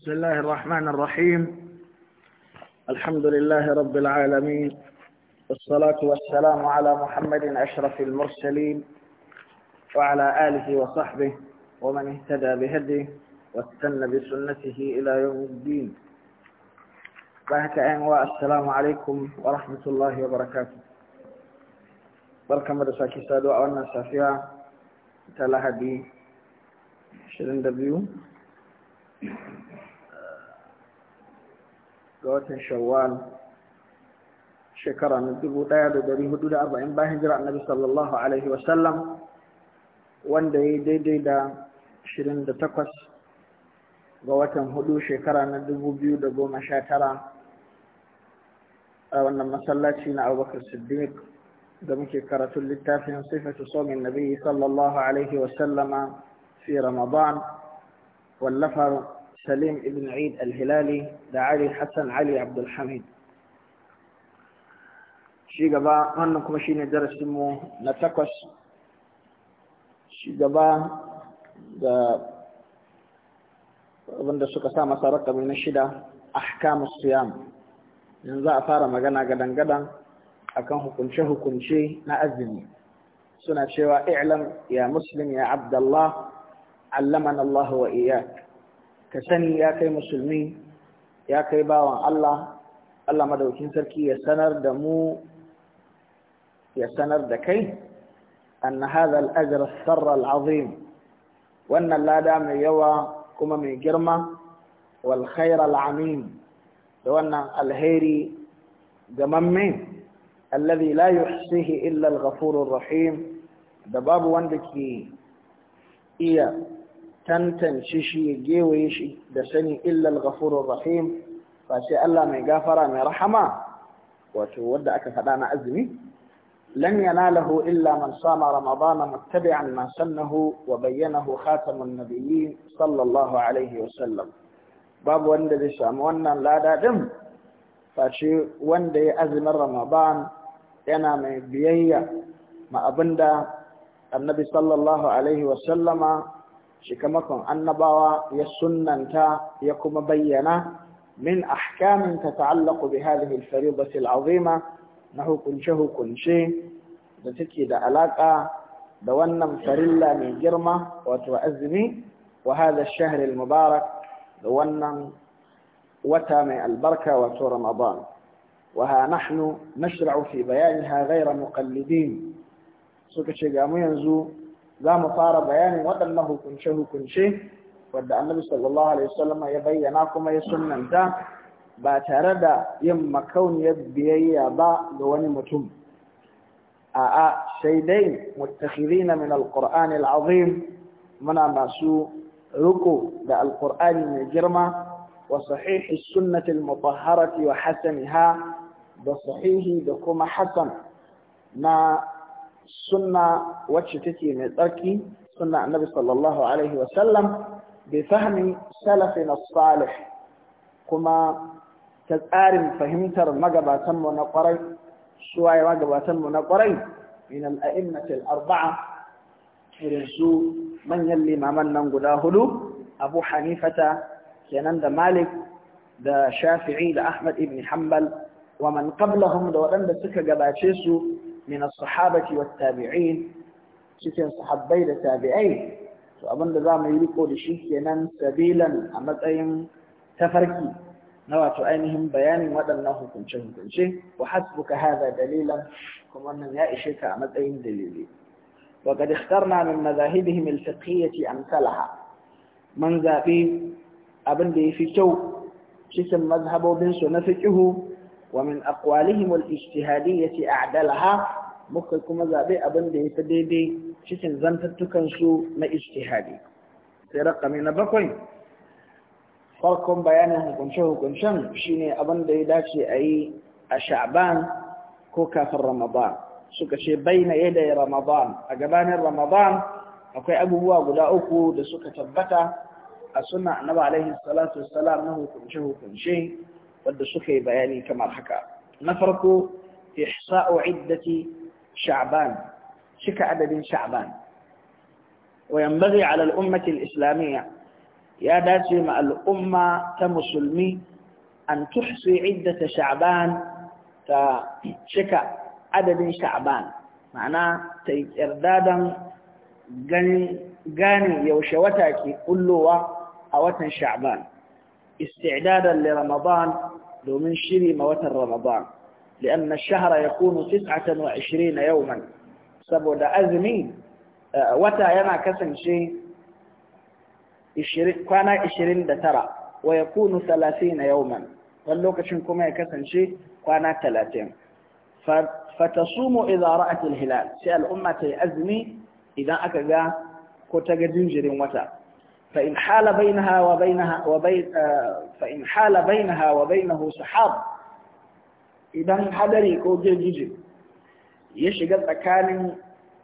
بسم الله الرحمن الرحيم الحمد لله رب العالمين والصلاة والسلام على محمد أشرف المرسلين وعلى آله وصحبه ومن اهتدى بهديه واستنى بسنته إلى يوم الدين بارك السلام عليكم ورحمة الله وبركاته بركة مدرسة كساد أولنا سافيا تلاها دي دبيو ga watan shawwal shekara na dubu ɗaya da dari hudu da arba'in bayan hijira annabi sallallahu alaihi wasallam wanda ya daidai da ashirin da takwas ga watan hudu shekara na dubu biyu da goma sha tara a wannan masallaci na abubakar siddiq da muke karatun littafin sifatu somin nabi sallallahu alaihi wasallama fi ramadan wallafa. سليم بن عيد الهلالي دعالي حسن علي عبد الحميد shi gaba wannan kuma shine darasinmu na takwas gaba da wanda suka sa masa rakami na shida ahkamus siyam yanzu za a fara magana gadan-gadan akan hukunce-hukunce na azumi suna cewa i'lam ya muslim ya abdallah allamana Allah wa iyak ka sani ya kai musulmi ya kai bawan Allah Allah madaukin sarki ya sanar da mu ya sanar da kai anna hadha al-ajr as-sarr al-azim wannan lada mai yawa kuma mai girma wal khair al-amin da wannan alheri gamamme alladhi la yuhsihi illa al-ghafurur rahim da babu wanda ke iya tantance shi ya gewaye shi da sani illal ghafurur rahim fa sai Allah mai gafara mai rahama wato wanda aka faɗa na azumi lan yanalahu illa man sama ramadana muttabi'an ma sannahu wa bayyanahu khatamun nabiyyin sallallahu alaihi wa sallam babu wanda zai samu wannan lada din face wanda ya azumin ramadan yana mai biyayya ma abinda annabi sallallahu alaihi wa sallama shikamakon annabawa ya sunnanta ya kuma bayyana min ahkamin ta ta'allaku bi hadhihi al-fariidati al-azima na hukunce hukunce da take da alaka da wannan farilla mai girma wato azmi wa hadha ash-shahr al-mubarak da wannan wata mai albarka wato ramadan wa ha nahnu nashra'u fi bayanha ghayra muqallidin suka ce ga mu yanzu za mu fara bayanin waɗannan hukunce-hukunce wadda annabi sallallahu alaihi wasallam ya bayyana kuma ya sunnanta ba tare da yin makauniyar biyayya ba ga wani mutum a'a shaidai dai na min alqur'ani alazim muna masu riko da alqur'ani mai girma wa sahihi sunnati almutahharati wa hasaniha da sahihi da kuma hasan na sunna wacce take mai tsarki sunna annabi sallallahu alaihi wasallam bi fahmi salafin salih kuma ta tsarin fahimtar magabatanmu na kwarai suwaye magabatanmu na kwarai min a'immatil arbaa irin su manyan limaman nan guda hudu abu hanifata kenan da malik da shafi'i da ahmad ibn hanbal wa man qablahum da waɗanda suka gabace su من الصحابة والتابعين شكين صحاب تابعين فأبن الله ما يريكو لشكينا سبيلا أمد أيم تفركي نوع تؤينهم بيان ودنه كنشه كنشه وحسبك هذا دليلا كما أن يأشك أمد دليلي وقد اخترنا من مذاهبهم الفقهية أمثلها من ذا في أبن في تو شكين مذهبه بنسو نفكه ومن أقوالهم الاجتهادية أعدلها مخلكم زابي أبن دي تدي دي شسن زنت تكنسو ما اجتهادي ترقى من بقوي فالكم بيانه كنشو كنشن شيني أبن دي داشي أي الشعبان كوكا في رمضان suka ce baina yadda ya ramadan a gabanin ramadan akwai abubuwa guda uku da suka tabbata a suna annaba alaihi salatu wassalam na wadda suka yi bayani kamar haka na farko ihsa'u iddati sha'ban cika وينبغي على الأمة الإسلامية يا داتي مع الأمة كمسلمي أن تحصي عدة شعبان تشكى عدد شعبان معناه غني قاني يوشوتاكي كلوا أوتا شعبان استعدادا لرمضان دومن شري موت رمضان لأن الشهر يكون تسعة وعشرين يوما سبود أزمي وتا ينا كسن شيء كان عشرين دترى ويكون ثلاثين يوما واللوكشن كما يكسن شيء كان ثلاثين فتصوم إذا رأت الهلال سأل أمتي أزمي إذا أكذا كتجدين جرين وتا فإن حال بينها وبينها وبين آه، فإن حال بينها وبينه سحاب إذا حضري كو جنجر يشغل تكان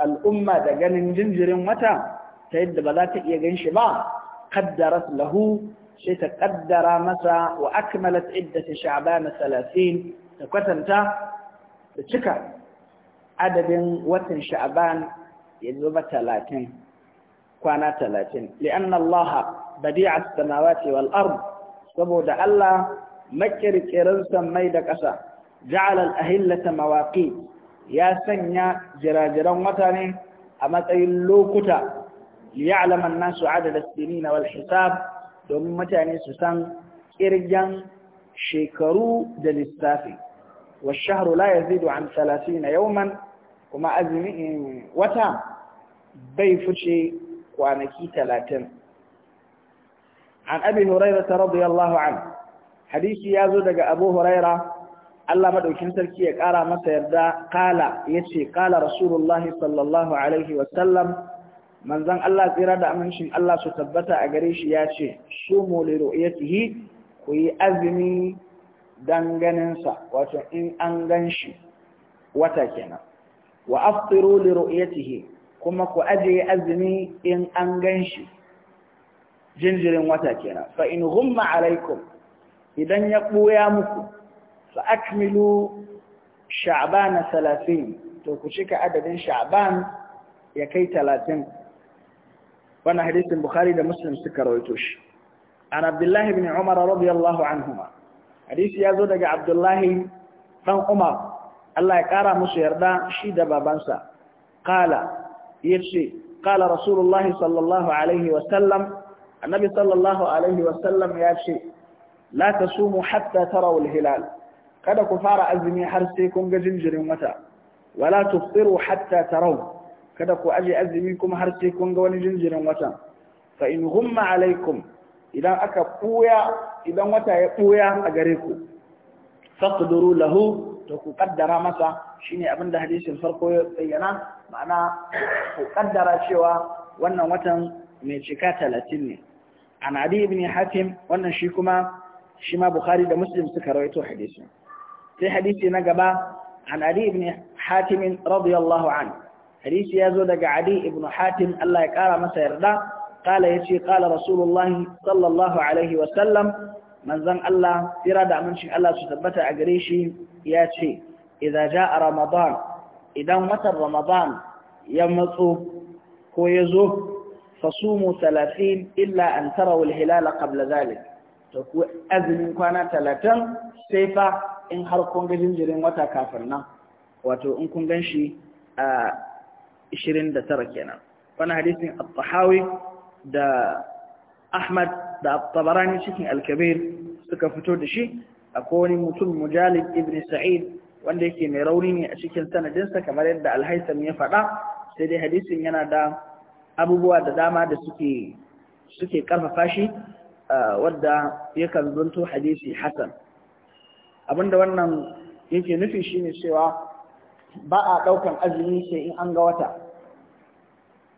الأمة دقان جنجر متى تيد بذات يغن شبا قدرت له شيء تقدر متى وأكملت عدة شعبان ثلاثين تكتن تا تشكر عدد وتن شعبان يدوب ثلاثين kwana talatin li'anna Allah a sanawa wal ard saboda Allah makirkirin sammai da ƙasa ja'ala a ahillata mawaƙi ya sanya jirajiran wata ne a matsayin lokuta liya'lama an-nasu adada as na wal hisab domin mutane su san kirgan shekaru da lissafi والشهر لا يزيد عن ثلاثين يوما kuma azumi eh, wata bai fice kwanaki talatin an abi huraira ta radiyallahu an hadisi ya zo daga abu huraira Allah madaukin sarki ya kara masa yarda kala yace kala rasulullahi sallallahu alaihi wa sallam manzon Allah tsira da amincin Allah su tabbata a gare shi yace sumu li ru'yatihi ku yi azumi danganinsa wato in an ganshi wata kenan wa aftiru li ru'yatihi kuma ku ajiye azumi in an gan shi jinjirin wata kenan fa in humma alaikum idan ya ɓoya muku fa akmilu sha'bana talatin to ku cika adadin sha'ban ya kai talatin wannan hadisin bukhari da muslim suka rawaito shi an abdullahi ibn umar radiyallahu anhuma hadisi ya zo daga abdullahi dan umar Allah ya kara musu yarda shi da babansa qala يشي قال رسول الله صلى الله عليه وسلم النبي صلى الله عليه وسلم يشي لا تصوموا حتى تروا الهلال قد كفار أزمي حرسيكم جنجر متى ولا تفطروا حتى تروا قد أجي أزميكم حرسيكم جنجر متى فإن غم عليكم إذا أكا قويا إذا متى يقويا أجريكم فاقدروا له تقدر متى شيني أبن ده حديث الفرق ma'ana ku kaddara cewa wannan watan mai cika talatin ne an adi ibn hatim wannan shi kuma shi ma bukhari da muslim suka rawaito hadisin sai hadisi na gaba an adi ibn hatim radiyallahu an hadisi ya zo daga adi ibn hatim Allah ya kara masa yarda قال يشي قال رسول الله صلى الله عليه وسلم من زن الله tabbata a شيء الله ya قريشي ياتي إذا جاء رمضان idan watan Ramadan ya matso ko ya zo fasumu talatin illa an tarawu hilala qabla zalik to ku azumin kwana talatin sai fa in har kun ga jinjirin wata kafin nan wato in kun gan shi a 29 kenan wani hadisin at tahawi da ahmad da tabarani cikin al-kabir suka fito da shi akwai wani mutum mujalid ibn sa'id wanda yake mai rauni ne a cikin sanadinsa kamar yadda alhaisam ya faɗa sai dai hadisin yana da abubuwa da dama da suke suke karfafa shi wadda yakan zunto hadisi hasan abinda wannan yake nufi shine cewa ba a ɗaukan azumi sai in an ga wata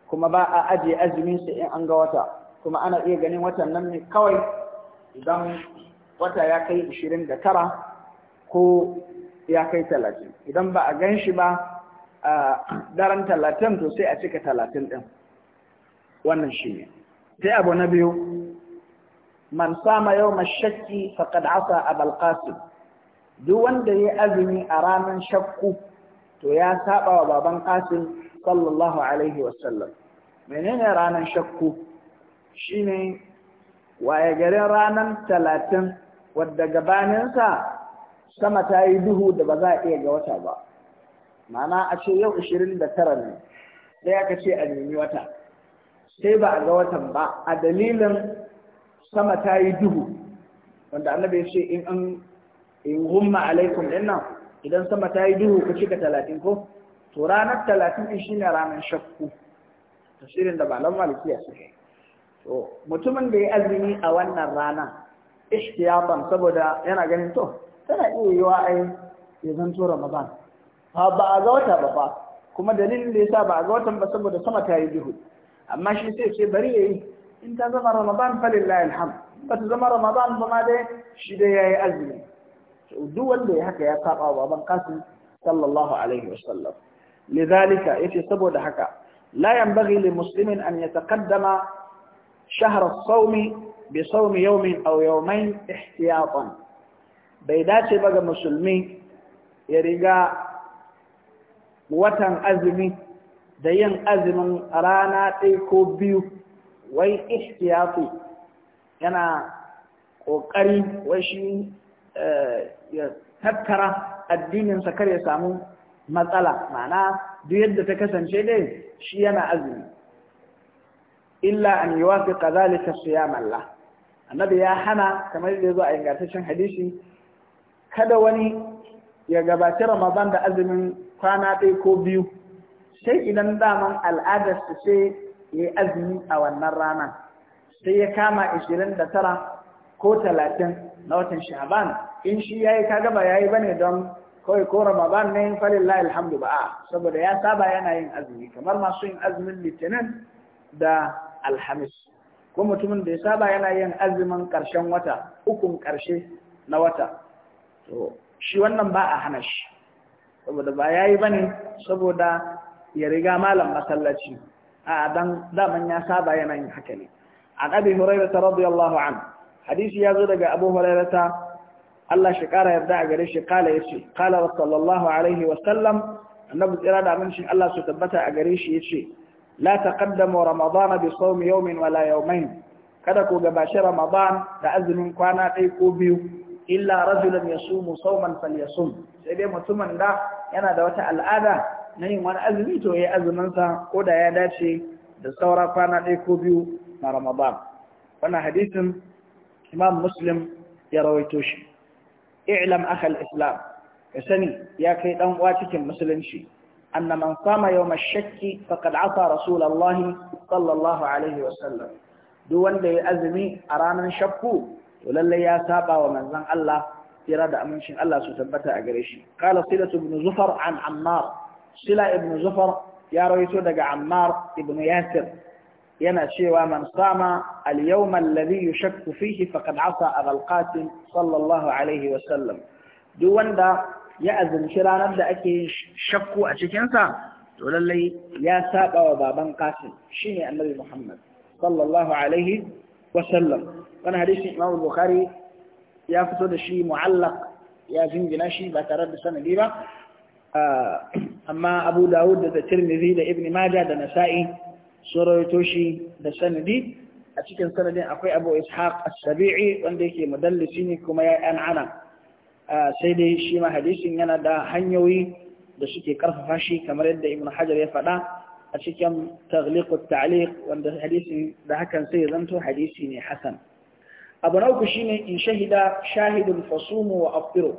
kuma ba a ajiye azumi sai in an ga wata kuma ana iya ganin watan nan ne kawai idan wata ya kai 29 ko ya kai talatin idan ba a gan shi ba a daren talatin to sai a cika talatin ɗin wannan shi ne sai abu na biyu man sama yau shakki faƙad asa a balƙasim duk wanda ya azumi a ranar shakku to ya saba wa baban ƙasim sallallahu alaihi wasallam menene ranar shakku shine waye garin ranar talatin wadda gabaninsa sama ta yi duhu da ba za a iya ga wata ba mana a ce yau 29 da tara ne sai aka ce a nemi wata sai ba a ga watan ba a dalilin sama ta yi duhu wanda annabi ya ce in an in humma alaikum dinnan idan sama ta yi duhu ku cika talatin ko to ranar talatin din shine ranar shakku tasirin da malam malikiya suke to mutumin da ya azumi a wannan rana ishtiyaban saboda yana ganin to tana iya yiwa ai ya zanto ramadan fa ba a ga wata ba kuma dalilin da yasa ba a ga watan ba saboda sama ta yi duhu amma shi sai ce bari yayi in ta zama ramadan falillahi alhamd ba ta zama ramadan ba ma dai shi dai yayi azumi duk wanda ya haka ya saba wa ban kasin sallallahu alaihi wasallam lidhalika yace saboda haka la yanbaghi li muslimin an yataqaddama shahr as-sawmi bi sawmi yawmin aw yawmayn ihtiyatan bai dace ba ga musulmi ya riga watan azumi da yin azumin rana ɗaya ko biyu wai ishtiyafi yana ƙoƙari wai shi eh, ya tattara addininsa kar ya samu matsala ma'ana duk yadda ta kasance dai shi yana azumi illa an yi wafi ƙazalika su ya malla annabi ya hana kamar da ya zo a ingantaccen hadisi kada wani ya gabaci Ramadan da azumin kwana ɗaya ko biyu sai idan daman al'adar su sai ya yi azumi a wannan rana, sai ya kama 29 ko 30 na watan Sha'ban in shi ya yayi kaga ba yayi bane don kawai ko Ramadan na ne falillahi alhamdu ba saboda ya saba yana yin azumi kamar masu yin azumin Litinin da Alhamis ko mutumin da ya saba yana yin azumin ƙarshen wata ukun ƙarshe na wata shi wannan ba a hana shi saboda ba yayi bane saboda ya riga malam masallaci a dan daman ya saba yana yin haka ne an abi hurairah radiyallahu an hadisi zo daga abu hurairah Allah shi kara yarda a gare shi kala ce, kala sallallahu alaihi wa sallam annabi tsira da amincin Allah su tabbata a gare shi yace la taqaddamu ramadan bi sawm yawmin wala yawmayn kada ku gabashi ramadan da azumin kwana ɗaya ko biyu illa rajulan yasumu sawman falyasum sai dai mutumin da yana da wata al'ada na yin wani azumi to yayi azumin sa ko da ya dace da saura kwana ɗaya ko biyu na Ramadan wannan hadisin Imam Muslim ya rawaito shi i'lam akhal islam ka sani ya kai dan uwa cikin musulunci anna man ya yawm ash-shakki faqad asa rasulullahi sallallahu alaihi wasallam duk wanda ya azumi a ranar shakku to lallai ya saba wa manzon Allah tira da amincin Allah su tabbata a gare shi qala sila ibn zufar an ammar sila ibn zufar ya rawaito daga ammar ibn yasir yana cewa man sama al-yawm alladhi yushakku fihi faqad asa abul qasim sallallahu alaihi wa sallam duk wanda ya azumci ranar da ake shakku a cikinsa to lallai ya saba wa baban qasim shine annabi muhammad sallallahu alaihi wasallam wani hadisin imam bukhari ya fito da shi mu'allak ya jingina shi ba tare da sanadi ba ah, amma abu dawud da tirmidhi da ibn majah da nasa'i sun rawaito shi da sanadi a cikin sanadin akwai abu ishaq as-sabi'i wanda yake mudallisi ne kuma ya an'ana ah, sai dai shi ma hadisin yana da hanyoyi da suke karfafa shi kamar yadda ibn hajar ya faɗa أشيكم تغليق التعليق وعند حديث ذا كان سيدنته حديث حسن أبو نوك إن شهد شاهد فصوم وأفطر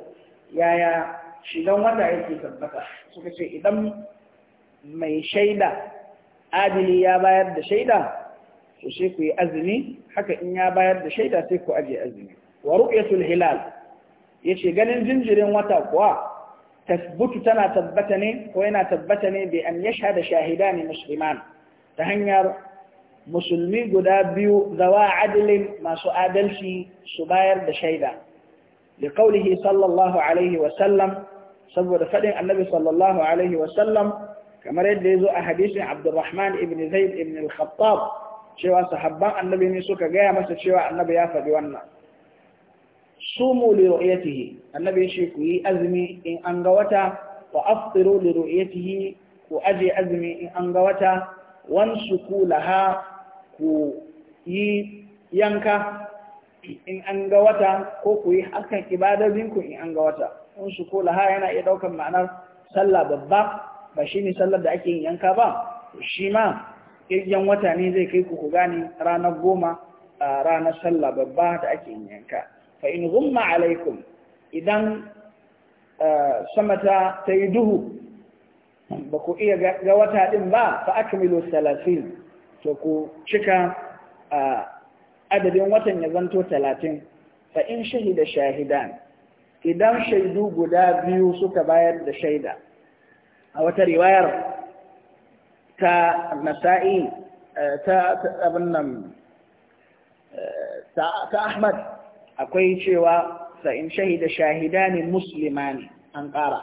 يا يا شيدان ودع يتكلم بك سكسي إذن ما يشيد آدلي يا باير دشيدا سيكو يأذني حكا إن يا باير دشيدا سيكو أجي أذني ورؤية الهلال يشي قلن زنجرين وتقوى tasbutu tana tabbata ne ko yana tabbata ne bi an yashhada shahidani musliman ta hanyar musulmi guda biyu da zawa adalin masu adalci su bayar da shaida da kaulihi sallallahu saboda faɗin annabi sallallahu alaihi wasallam kamar yadda ya zo a hadisin abdurrahman ibn zaid ibn al-khattab cewa sahabban annabi ne suka gaya masa cewa annabi ya faɗi wannan sumu li ru'yatihi annabi ya ku yi azumi in an ga wata wa aftiru li ru'yatihi ku aje azumi in an ga wata ku laha ku yi yanka in an ga wata ko ku yi hakan binku in an ga wata ku laha yana iya daukan ma'anar sallah babba ba shine sallar da ake yin yanka ba shi ma kirgin wata ne zai kai ku ku gane ranar goma a ranar sallah babba da ake yin yanka fa in ghumma alaikum idan eh, sama ta yi duhu ba ku iya ga wata ɗin ba fa akmilu salatin. to ku cika eh, adadin watan ya zanto talatin fa in shahida shahidan idan shaidu guda biyu suka bayar da shaida a wata riwayar ta nasa'i eh, ta abin nan ta ahmad akwai cewa sa'in shahida shahidani muslimani an ƙara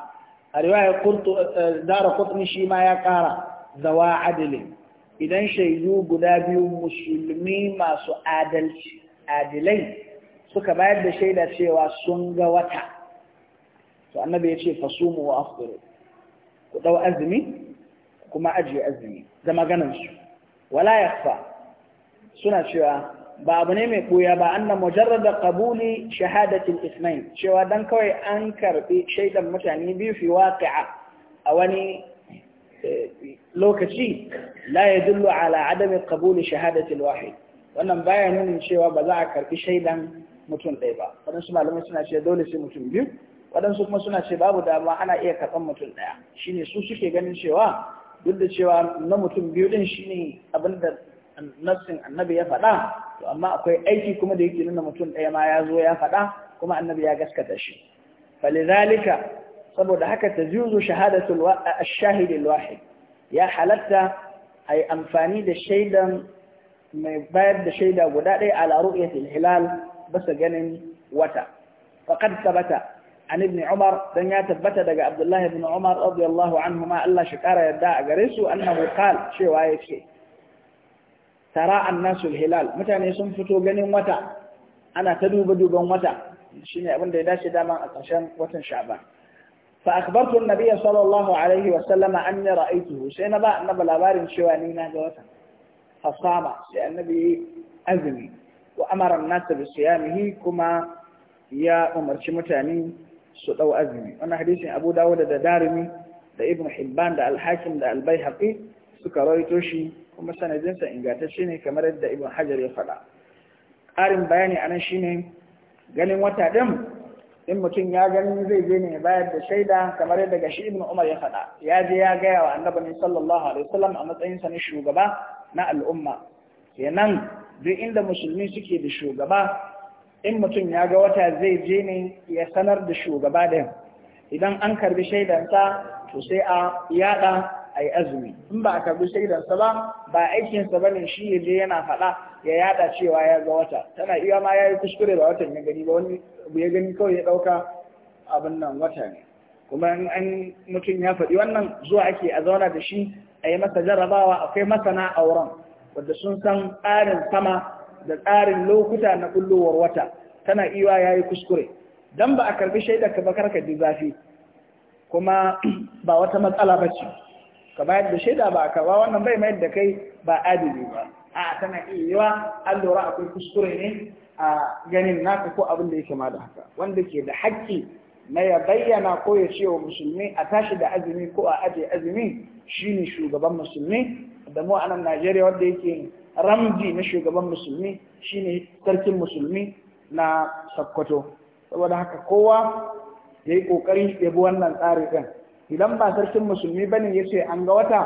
a riwaya eh, dara kutni shi ma ya ƙara zawa adilin idan shaidu guda biyu musulmi masu adalci adilai suka bayar da shaida cewa sun ga wata to annabi ya ce fasumu wa afdiru ku dau azumi kuma ajiye azumi da maganansu wala yakfa suna cewa ba abu ne mai ɓuya ba annan mujarrada qabuli shahadatin ismail cewa dan kawai an karɓi shaidan mutane biyu fi waqi'a a wani eh, lokaci la yadullu ala adami qabuli shahadatil wahid wannan baya nuna cewa ba za a karbi shaidan mutum ɗaya ba waɗansu malamai suna ce dole sai mutum biyu waɗansu kuma suna ce babu dama ana iya karɓan mutum ɗaya shine su suke ganin cewa duk da cewa na mutum biyu ɗin shine abinda da nassin annabi ya faɗa to amma akwai aiki kuma da yake nuna mutum ɗaya ma ya zo ya faɗa kuma annabi ya gaskata shi falizalika saboda haka ta zuzu shahadatul shahidil wahid ya halatta ai amfani da shaidan mai bayar da shaida guda ɗaya ala ru'yatil hilal basa ganin wata faqad thabata an ibn umar dan ya tabbata daga abdullahi ibn umar radiyallahu anhu ma Allah shi kara yadda a gare su annahu qala cewa yake ترى الناس الهلال متى نسم فتو غنين متى انا تدوب دوبن متى شيني ابن دا يداشي دا وتن شعبان فاخبرت النبي صلى الله عليه وسلم أن رايته سينا با نبا لبارين شوا ني نا فصام يا النبي اذني وامر الناس بصيامه كما يا عمر شي متاني su dau azumi wannan hadisin Abu Dawud da Darimi da Ibn Hibban kuma sanadinsa ingantacce ne kamar yadda ibn hajar ya faɗa ƙarin bayani anan shine ganin wata ɗin in mutum ya gani zai je ne bayar da shaida kamar yadda gashi ibn umar ya faɗa ya je ya gaya wa annabi sallallahu alaihi wasallam a matsayinsa na shugaba na al'umma kenan duk inda musulmi suke da shugaba in mutum ya ga wata zai je ne ya sanar da shugaba din idan an karbi shaidansa to sai a yada a yi azumi in ba a karbi shaidarsa ba ba aikinsa ba ne shi ya je yana faɗa ya yada cewa ya ga wata tana iya ma ya yi kuskure ba watan ya gani ba wani ya gani kawai ya ɗauka abin nan wata ne kuma an mutum ya faɗi wannan zuwa ake a zauna da shi a yi masa jarrabawa akwai masana auren wadda sun san tsarin sama da tsarin lokuta na kullowar wata tana iya ya yi kuskure dan ba a karbi shaidar ka ba karka ji zafi kuma ba wata matsala ba ce ka bayar da shaida ba ka ba wannan bai mayar da kai ba adili ba a tana iya yiwa an lura akwai kuskure ne a ganin naka ko abin da yake ma da haka wanda ke da haƙƙi na ya bayyana ko ya ce wa musulmi a tashi da azumi ko a aje azumi shine shugaban musulmi da mu a nan Najeriya wanda yake ramji na shugaban musulmi shine sarkin musulmi na Sokoto saboda haka kowa ya yi ƙoƙarin ya bi wannan tsari ɗin idan ba sarkin musulmi bane ya ce an ga wata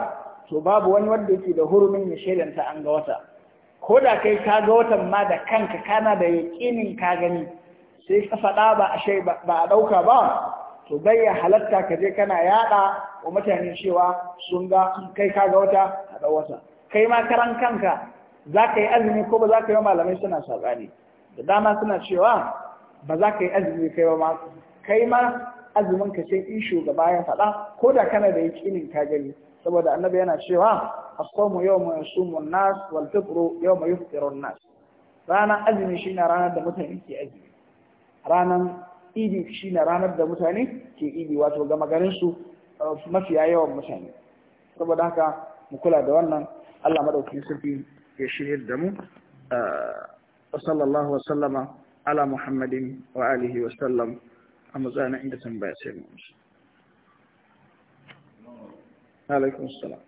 to babu wani wanda yake da hurumin ya shaidanta an ga wata ko da kai ka ga watan ma da kanka kana da yaƙinin ka gani sai ka faɗa ba a shai ba a ɗauka ba to bai ya halatta ka je kana yaɗa wa mutane cewa sun ga kai ka ga wata a ɗau wata kai ma karan kanka za ka yi azumi ko ba za ka yi malamai suna saɓani da dama suna cewa ba za ka yi azumi kai ba ma kai ma azumin ka sai in shugaba ya faɗa ko da kana da yaƙinin ka gani saboda annabi yana cewa as-sawmu yawma yasumu an-nas wal fitru yawma yufṭiru nas rana azumi shine ranar da mutane ke azumi ranar idi shine ranar da mutane ke idi wato gama garin su uh, mafiya yawan mutane saboda haka mu kula da wannan Allah madaukakin sarki ya shirye da mu uh, wa sallallahu wa sallama ala muhammadin wa alihi wa sallam a na inda tambaya sai mu amsa alaikum salam